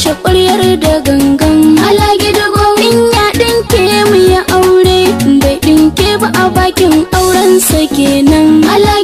rushe ƙuryar da gangan alage da gowin ya ɗinke mu ya aure bai ɗinke ba a bakin auren aurensa kenan alage